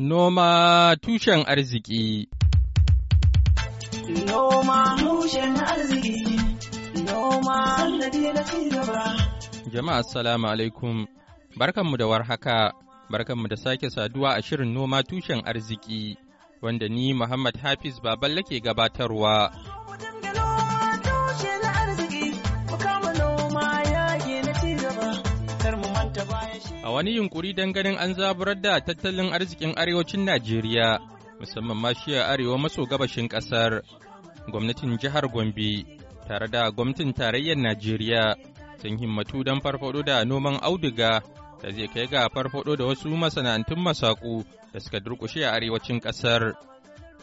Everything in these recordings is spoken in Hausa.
Noma tushen arziki Noma tushen arziki Noma Jama'a assalamu alaikum barkanmu da warhaka barkanmu da sake saduwa a shirin noma tushen arziki wanda ni Muhammad Hafiz Baballe ke gabatarwa. a wani yunkuri don ganin an zaburar da tattalin arzikin arewacin Najeriya musamman ma a arewa maso gabashin ƙasar. Gwamnatin jihar Gombe tare da gwamnatin tarayyar Najeriya sun himmatu don farfado da noman auduga da zai kai ga farfado da wasu masana'antun masaku da suka durƙushe a arewacin ƙasar.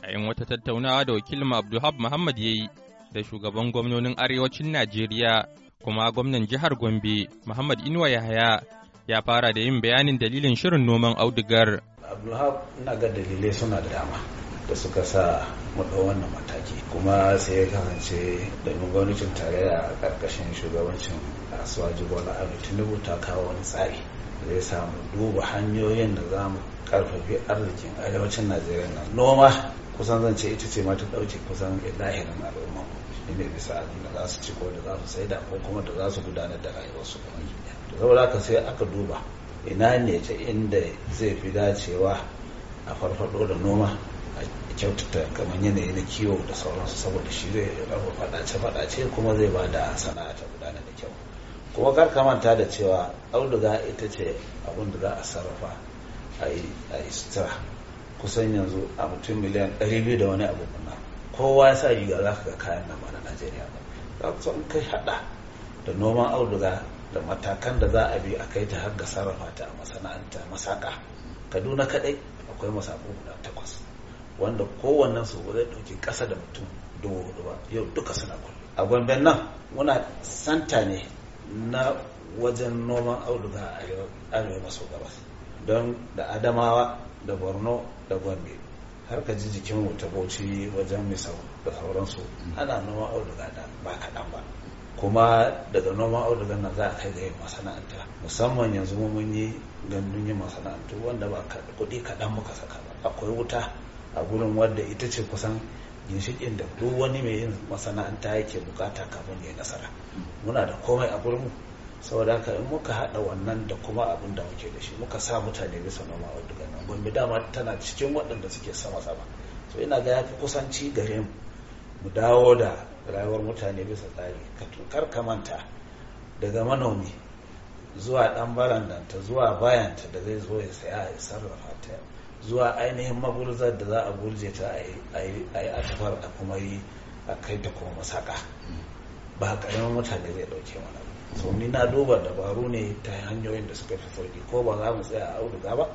A yin wata tattaunawa da wakilin Abdulhab Muhammad ya yi da shugaban gwamnonin arewacin Najeriya kuma gwamnan jihar Gombe Muhammad Inuwa Yahaya ya fara da yin bayanin dalilin shirin noman audigar. Abdulhab na ga dalilai suna da dama da suka sa mu wannan mataki kuma sai ya kasance da gwamnatin tarayya ƙarƙashin shugabancin asuwaji bola abu tinubu ta kawo wani tsari da ya samu duba hanyoyin da za mu ƙarfafi arzikin arewacin najeriya nan noma kusan zance ita ce mata ta ɗauke kusan lahirin al'umma ne bisa abin da za su ci ko da za su saida ko kuma da za su gudanar da rayuwarsu kuma to saboda haka sai aka duba ina ne ta inda zai fi dacewa a farfado da noma a kyautata kamar yanayi na kiwo da sauransu saboda shi zai rabu fadace-fadace kuma zai ba da sana'a ta gudanar da kyau kuma kar ka manta da cewa auduga ita ce abin da za a sarrafa a yi sutura kusan yanzu a mutum miliyan 200 da wani abu kowa ya sa riga za ka ga kayan nan ba na najeriya ba za ku kai hada da noman auduga da matakan da za a bi a kai ta har ga sarrafa ta a masana'anta masaka kaduna kadai akwai masako guda takwas wanda kowannen su zai ɗauki ƙasa da mutum dubu hudu ba yau duka suna kulle a gwamben nan muna santa ne na wajen noman auduga a arewa maso gabas don da adamawa da borno da gombe har ka ji jikin mu ta bauchi wajen misau da sauransu ana noma auduga da ba kaɗan ba kuma daga noma auduga na za a kai ga yin masana'anta musamman yanzu mun yi gandun yin masana'antu wanda ba kuɗi kaɗan muka saka ba akwai wuta a gurin wadda ita ce kusan ginshikin da duk wani mai yin masana'anta yake bukata kafin ya nasara muna da komai a gurin mu. saboda haka in muka haɗa wannan da kuma abin da muke da shi muka sa mutane bisa noma a duka nan gombe dama tana cikin waɗanda suke sama sama so ina ga yafi kusanci gare mu mu dawo da rayuwar mutane bisa tsari ka kar ka manta daga manomi zuwa ɗan barandanta zuwa bayanta da zai zo ya saya ya sarrafa ta zuwa ainihin magurzar da za a gurje ta a yi a tafar a kuma yi a kai ta kuma masaka ba ƙaramin mutane zai ɗauke mana ba so ni na duba dabaru ne ta hanyoyin da suka fi sauki ko ba za mu tsaya a auduga ba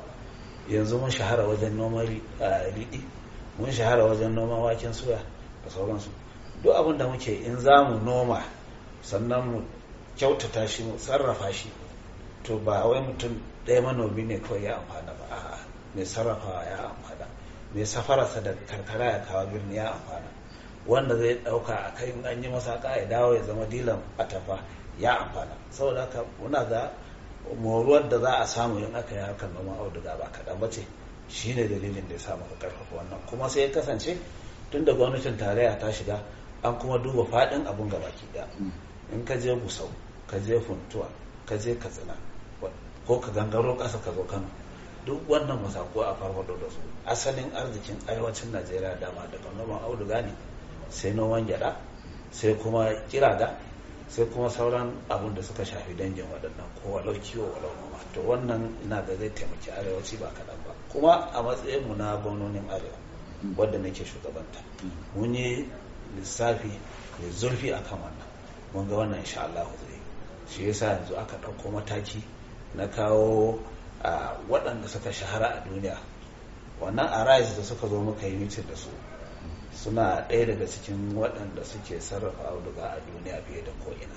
yanzu mun shahara wajen noman riɗi mun shahara wajen noman waken suya da sauransu duk abin da muke in za mu noma sannan mu kyautata shi mu sarrafa shi to ba wai mutum ɗaya manomi ne kawai ya amfana ba a'a mai sarrafawa ya amfana mai safararsa da karkara ya kawo birni ya amfana wanda zai ɗauka a kai in an yi masa ya dawo ya zama dilan atafa ya amfana saboda haka muna ga moruwar da za a samu yin aka yi hakan noman auduga ba kaɗan ba ce shi ne dalilin da ya samu ka ƙarfafa wannan kuma sai ya kasance tun da gwamnatin tarayya ta shiga an kuma duba faɗin abun gaba ki ɗaya in ka je busau ka je funtuwa ka je katsina ko ka gangaro ƙasa ka zo kano duk wannan masako a farfado da su asalin arzikin arewacin najeriya dama daga noman auduga ne sai noman gyaɗa sai kuma kirada sai kuma sauran abun da suka shafi dangin waɗannan ko walau kiwo walau noma to wannan ina da zai taimaki arewaci ba kaɗan ba kuma a matsayinmu na gwamnonin arewa wadda nake shugabanta mun yi lissafi da zurfi a kan wannan mun ga wannan insha Allah zai shi yasa yanzu aka ɗauko mataki na kawo waɗanda suka shahara a duniya wannan arise da suka zo muka yi mitin da su suna ɗaya daga cikin waɗanda suke sarrafa auduga a duniya fiye da ko'ina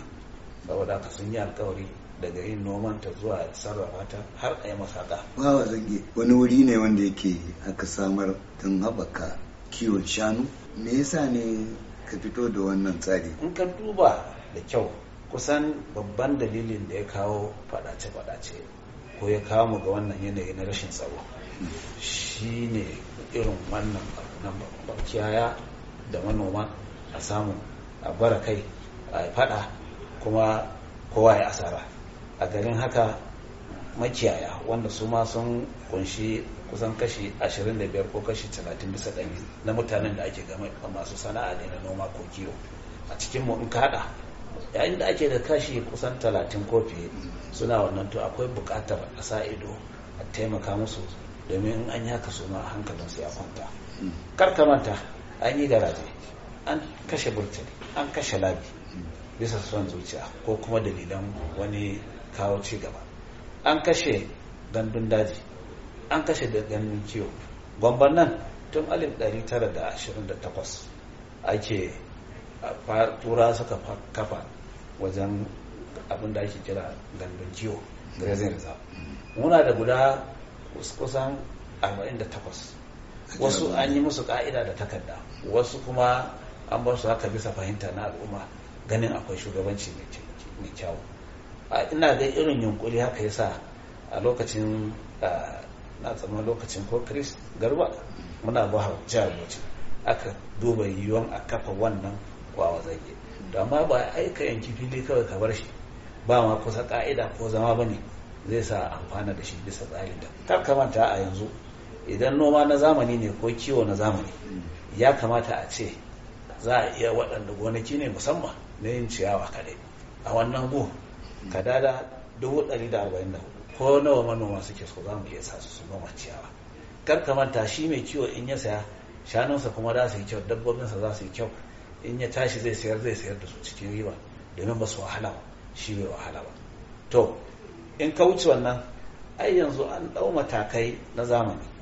saboda haka sun yi alkawari daga yin noman ta zuwa sarrafa ta har a yi masaka. zage wani wuri ne wanda yake aka samar tun haɓaka kiwon shanu me yasa ne ka fito da wannan tsari? In ka duba da kyau kusan babban dalilin da ya kawo faɗace-faɗace ko ya kawo mu ga wannan yanayi na rashin tsaro shine irin wannan abu na da manoma a samu a bara kai a fada kuma kowa ya asara a garin haka makiyaya wanda su ma sun kunshi kusan kashi 25 ko kashi 30 bisa ɗari na mutanen da ake gama masu sana'a ne na noma ko kiwo a cikinmu in kaɗa yayin da ake da kashi kusan 30 ko fiye suna wannan to akwai buƙatar a sa ido a taimaka musu domin in an yaka su ma su ya kwanta kar ka manta an yi garaje an kashe burtali an kashe labi bisa son zuciya ko kuma dalilan wani kawo ci gaba an kashe gandun daji an kashe da gandun kiwo gwamban nan tun 1928 ake tura suka kafa wajen abin da ake kira gandun kiwo grazing reserve mm. muna da guda kusan 48 wasu an yi musu ka'ida da takarda wasu kuma an ba su haka bisa fahimta na al'umma ganin akwai shugabanci mai kyau ina ga irin yunkuri haka sa a lokacin na tsamman lokacin ko chris garba muna ba jihar bauchi aka duba yiwuwan a kafa wannan kwawa zage da amma ba aika yanki fili kawai ka bar shi ba ma kusa ka'ida ko zama ba ne zai sa amfana da shi bisa tsarin da kar ka manta a yanzu idan noma na zamani ne ko kiwo na zamani ya kamata a ce za a iya waɗanda gonaki ne musamman na yin ciyawa kaɗai. a wannan gu kadada 144 ko nawa manoma suke so za mu iya sa su noma ciyawa kar ka manta shi mai kiwo in ya saya shanunsa kuma za su yi kyau dabbobinsa za su yi kyau in ya tashi zai sayar zai sayar da su cikin riba domin ba su wahala ba shi bai wahala ba to in ka wuce wannan ai yanzu an ɗau matakai na zamani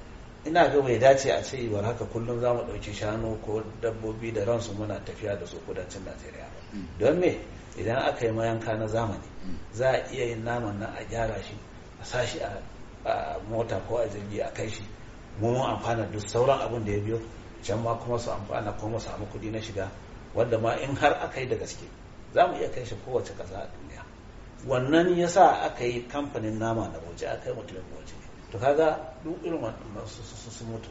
ina ga bai dace a ce war haka kullum za mu ɗauki shanu ko dabbobi da ransu muna tafiya da su kudancin najeriya mm. don me idan aka yi mayanka na zamani mm. za a iya yin naman nan a gyara shi a sashi a mota ko a jirgi a kai shi mun amfana duk sauran abin da ya biyo can ma kuma su amfana ko kuma samu kuɗi na shiga wanda ma in har aka yi da gaske za mu iya kai shi kowace ƙasa a duniya wannan ya sa aka yi kamfanin nama na bauchi aka yi mutumin bauchi to kaga duk irin wannan su mutu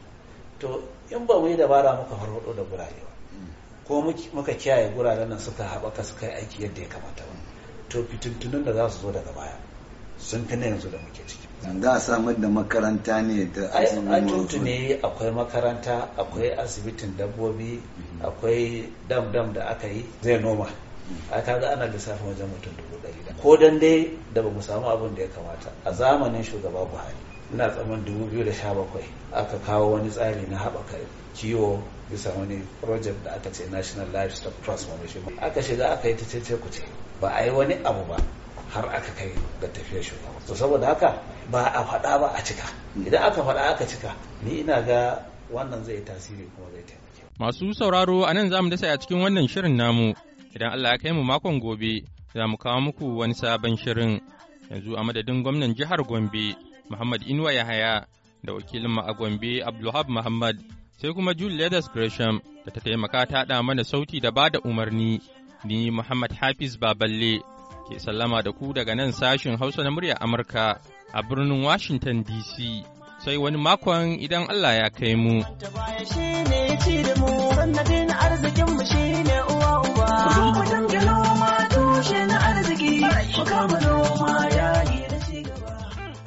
to in ba mu yi dabara muka farfado da gurare ba ko muka kiyaye guraren nan suka haɓaka suka yi aiki yadda ya kamata ba to fitintunan da za su zo daga baya sun fi na yanzu da muke ciki za a samar da makaranta ne da asibitin ne akwai makaranta akwai asibitin dabbobi mm-hmm. akwai dam dam da aka yi zai noma mm-hmm. a kaga ana lissafin wajen mutum dubu ɗari ko dan dai da ba mu samu abin da ya kamata a zamanin shugaba buhari ina tsaman 2017 aka kawo wani tsari na haɓaka ciwo bisa wani project da aka ce national livestock transformation aka shiga aka yi ta ku kuce ba a yi wani abu ba har aka kai ga tafiyar shugaba to saboda haka ba a faɗa ba a cika idan aka faɗa aka cika ni ina ga wannan zai tasiri kuma zai taimake masu sauraro a nan za mu dasa a cikin wannan shirin namu idan Allah ya kai mu makon gobe za mu kawo muku wani sabon shirin yanzu a madadin gwamnan jihar Gombe Muhammad Inuwa Yahaya da wakilin a Gombe Abdulhab Muhammad sai kuma Jude Leathers Gresham da ta taimaka ta mana sauti da bada umarni ni Muhammad Hafiz Baballe ke sallama da ku daga nan sashin Hausa na murya Amurka a birnin Washington DC sai wani makon idan Allah ya kai mu. Mu kama noma ya